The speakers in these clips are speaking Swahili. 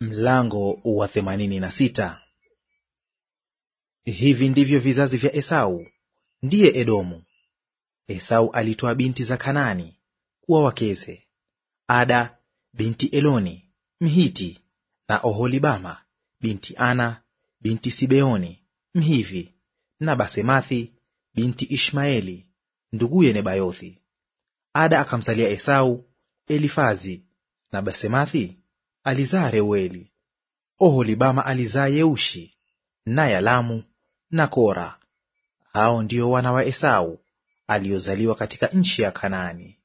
Mlango wa themanini na sita. Hivi ndivyo vizazi vya Esau, ndiye Edomu. Esau alitoa binti za Kanaani kuwa wakeze: Ada binti Eloni Mhiti, na Oholibama binti Ana binti Sibeoni Mhivi, na Basemathi binti Ishmaeli nduguye Nebayothi. Ada akamzalia Esau Elifazi, na Basemathi alizaa Reueli. Oholibama alizaa Yeushi na Yalamu na Kora. Hao ndio wana wa Esau aliozaliwa katika nchi ya Kanaani.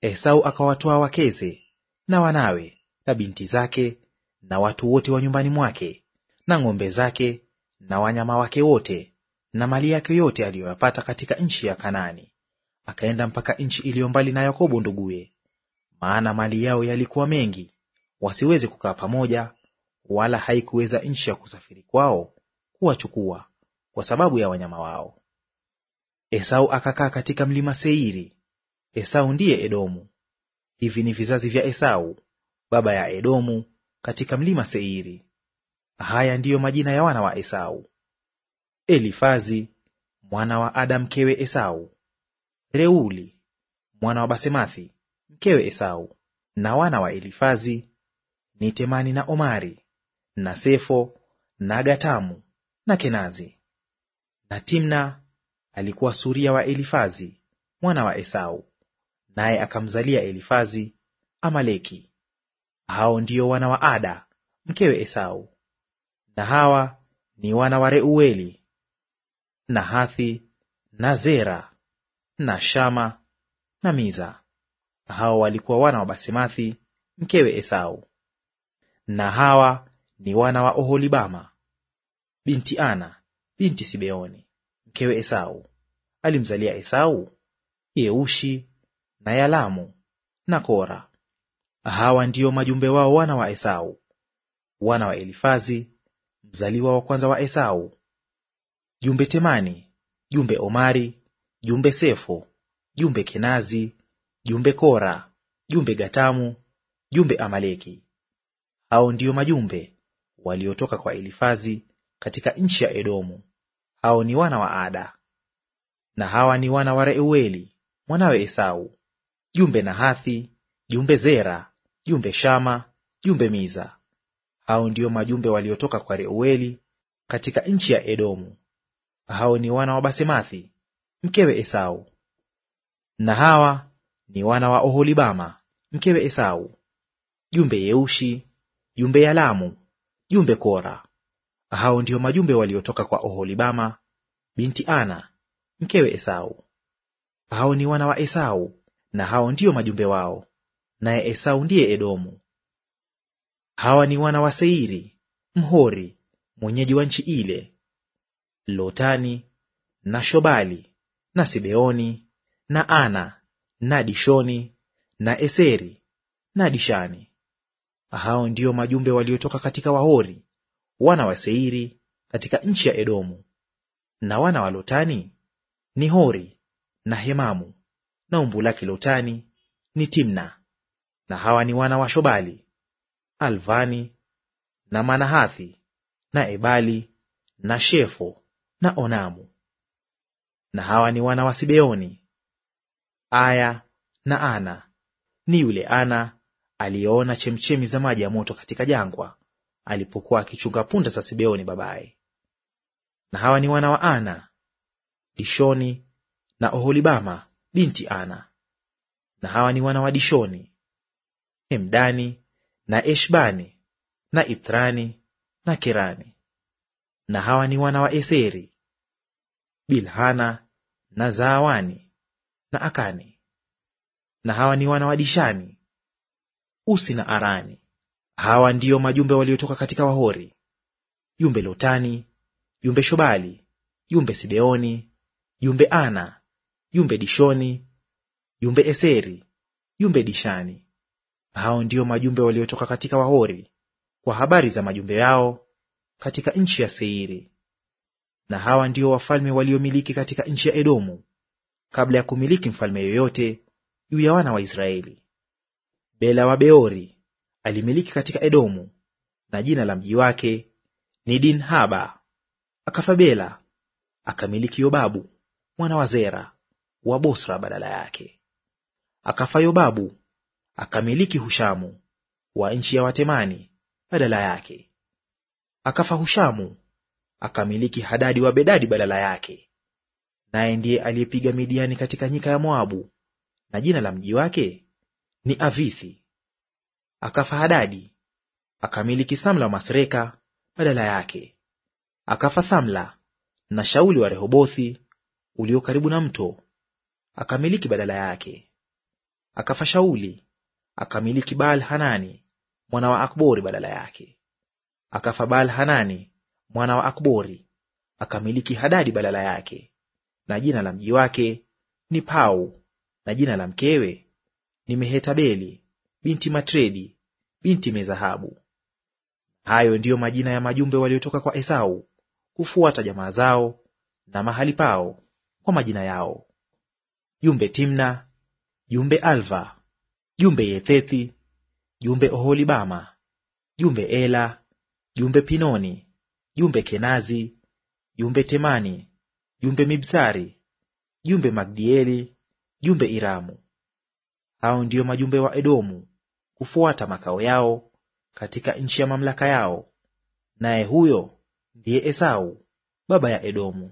Esau akawatoa wakeze na wanawe na binti zake na watu wote wa nyumbani mwake na ng'ombe zake na wanyama wake wote na mali yake yote aliyoyapata katika nchi ya Kanaani, akaenda mpaka nchi iliyo mbali na Yakobo nduguye, maana mali yao yalikuwa mengi wasiweze kukaa pamoja, wala haikuweza nchi ya kusafiri kwao kuwachukua kwa sababu ya wanyama wao. Esau akakaa katika mlima Seiri. Esau ndiye Edomu. Hivi ni vizazi vya Esau baba ya Edomu katika mlima Seiri. Haya ndiyo majina ya wana wa Esau: Elifazi mwana wa Ada mkewe Esau, Reuli mwana wa Basemathi mkewe Esau, na wana wa Elifazi ni Temani na Omari na Sefo na Gatamu na Kenazi. Na Timna alikuwa suria wa Elifazi mwana wa Esau, naye akamzalia Elifazi Amaleki. Hao ndio wana wa Ada mkewe Esau. Na hawa ni wana wa Reueli na Hathi na Zera na Shama na Miza. Hao walikuwa wana wa Basemathi mkewe Esau. Na hawa ni wana wa Oholibama binti Ana binti Sibeoni mkewe Esau. Alimzalia Esau Yeushi na Yalamu na Kora. Hawa ndiyo majumbe wao wana wa Esau, wana wa Elifazi mzaliwa wa kwanza wa Esau: jumbe Temani, jumbe Omari, jumbe Sefo, jumbe Kenazi, jumbe Kora, jumbe Gatamu, jumbe Amaleki. Hao ndiyo majumbe waliotoka kwa Elifazi katika nchi ya Edomu. Hao ni wana wa Ada. Na hawa ni wana wa Reueli mwanawe Esau: jumbe Nahathi, jumbe Zera, jumbe Shama, jumbe Miza. Hao ndiyo majumbe waliotoka kwa Reueli katika nchi ya Edomu. Hao ni wana wa Basemathi mkewe Esau. Na hawa ni wana wa Oholibama mkewe Esau: jumbe Yeushi, jumbe Yalamu, jumbe Kora. Hao ndio majumbe waliotoka kwa Oholibama binti Ana mkewe Esau. Hao ni wana wa Esau, na hao ndio majumbe wao, naye Esau ndiye Edomu. Hawa ni wana wa Seiri Mhori, mwenyeji wa nchi ile, Lotani na Shobali na Sibeoni na Ana na Dishoni na Eseri na Dishani. Hao ndio majumbe waliotoka katika Wahori wana wa Seiri katika nchi ya Edomu. Na wana wa Lotani ni Hori na Hemamu, na umbu lake Lotani ni Timna. Na hawa ni wana wa Shobali, Alvani na Manahathi na Ebali na Shefo na Onamu. Na hawa ni wana wa Sibeoni, Aya na Ana; ni yule Ana aliyeona chemchemi za maji ya moto katika jangwa, alipokuwa akichunga punda za Sibeoni babaye. Na hawa ni wana wa Ana, Dishoni na Oholibama binti Ana. Na hawa ni wana wa Dishoni, Hemdani na Eshbani na Ithrani na Kerani. Na hawa ni wana wa Eseri, Bilhana na Zaawani na Akani. Na hawa ni wana wa Dishani, Usi na Arani. Hawa ndiyo majumbe waliotoka katika Wahori: jumbe Lotani, jumbe Shobali, jumbe Sibeoni, jumbe Ana, jumbe Dishoni, jumbe Eseri, jumbe Dishani. Hao ndiyo majumbe waliotoka katika Wahori kwa habari za majumbe yao katika nchi ya Seiri. Na hawa ndio wafalme waliomiliki katika nchi ya Edomu kabla ya kumiliki mfalme yoyote juu ya wana wa Israeli. Bela wa Beori alimiliki katika Edomu, na jina la mji wake ni Dinhaba. Akafa Bela, akamiliki Yobabu mwana wa Zera wa Bosra badala yake. Akafa Yobabu, akamiliki Hushamu wa nchi ya Watemani badala yake. Akafa Hushamu, akamiliki Hadadi wa Bedadi badala yake. Naye ndiye aliyepiga Midiani katika nyika ya Moabu, na jina la mji wake ni Avithi. Akafa Hadadi, akamiliki Samla wa Masreka badala yake. Akafa Samla na Shauli wa Rehobothi ulio karibu na mto, akamiliki badala yake. Akafa Shauli, akamiliki Baal Hanani mwana wa Akbori badala yake. Akafa Baal Hanani mwana wa Akbori, akamiliki Hadadi badala yake, na jina la mji wake ni Pau, na jina la mkewe ni Mehetabeli binti Matredi binti Mezahabu. Hayo ndiyo majina ya majumbe waliotoka kwa Esau kufuata jamaa zao na mahali pao kwa majina yao: jumbe Timna, jumbe Alva, jumbe Yethethi, jumbe Oholibama, jumbe Ela, jumbe Pinoni, jumbe Kenazi, jumbe Temani, jumbe Mibsari, jumbe Magdieli, jumbe Iramu. Hao ndiyo majumbe wa Edomu kufuata makao yao katika nchi ya mamlaka yao, naye huyo ndiye Esau baba ya Edomu.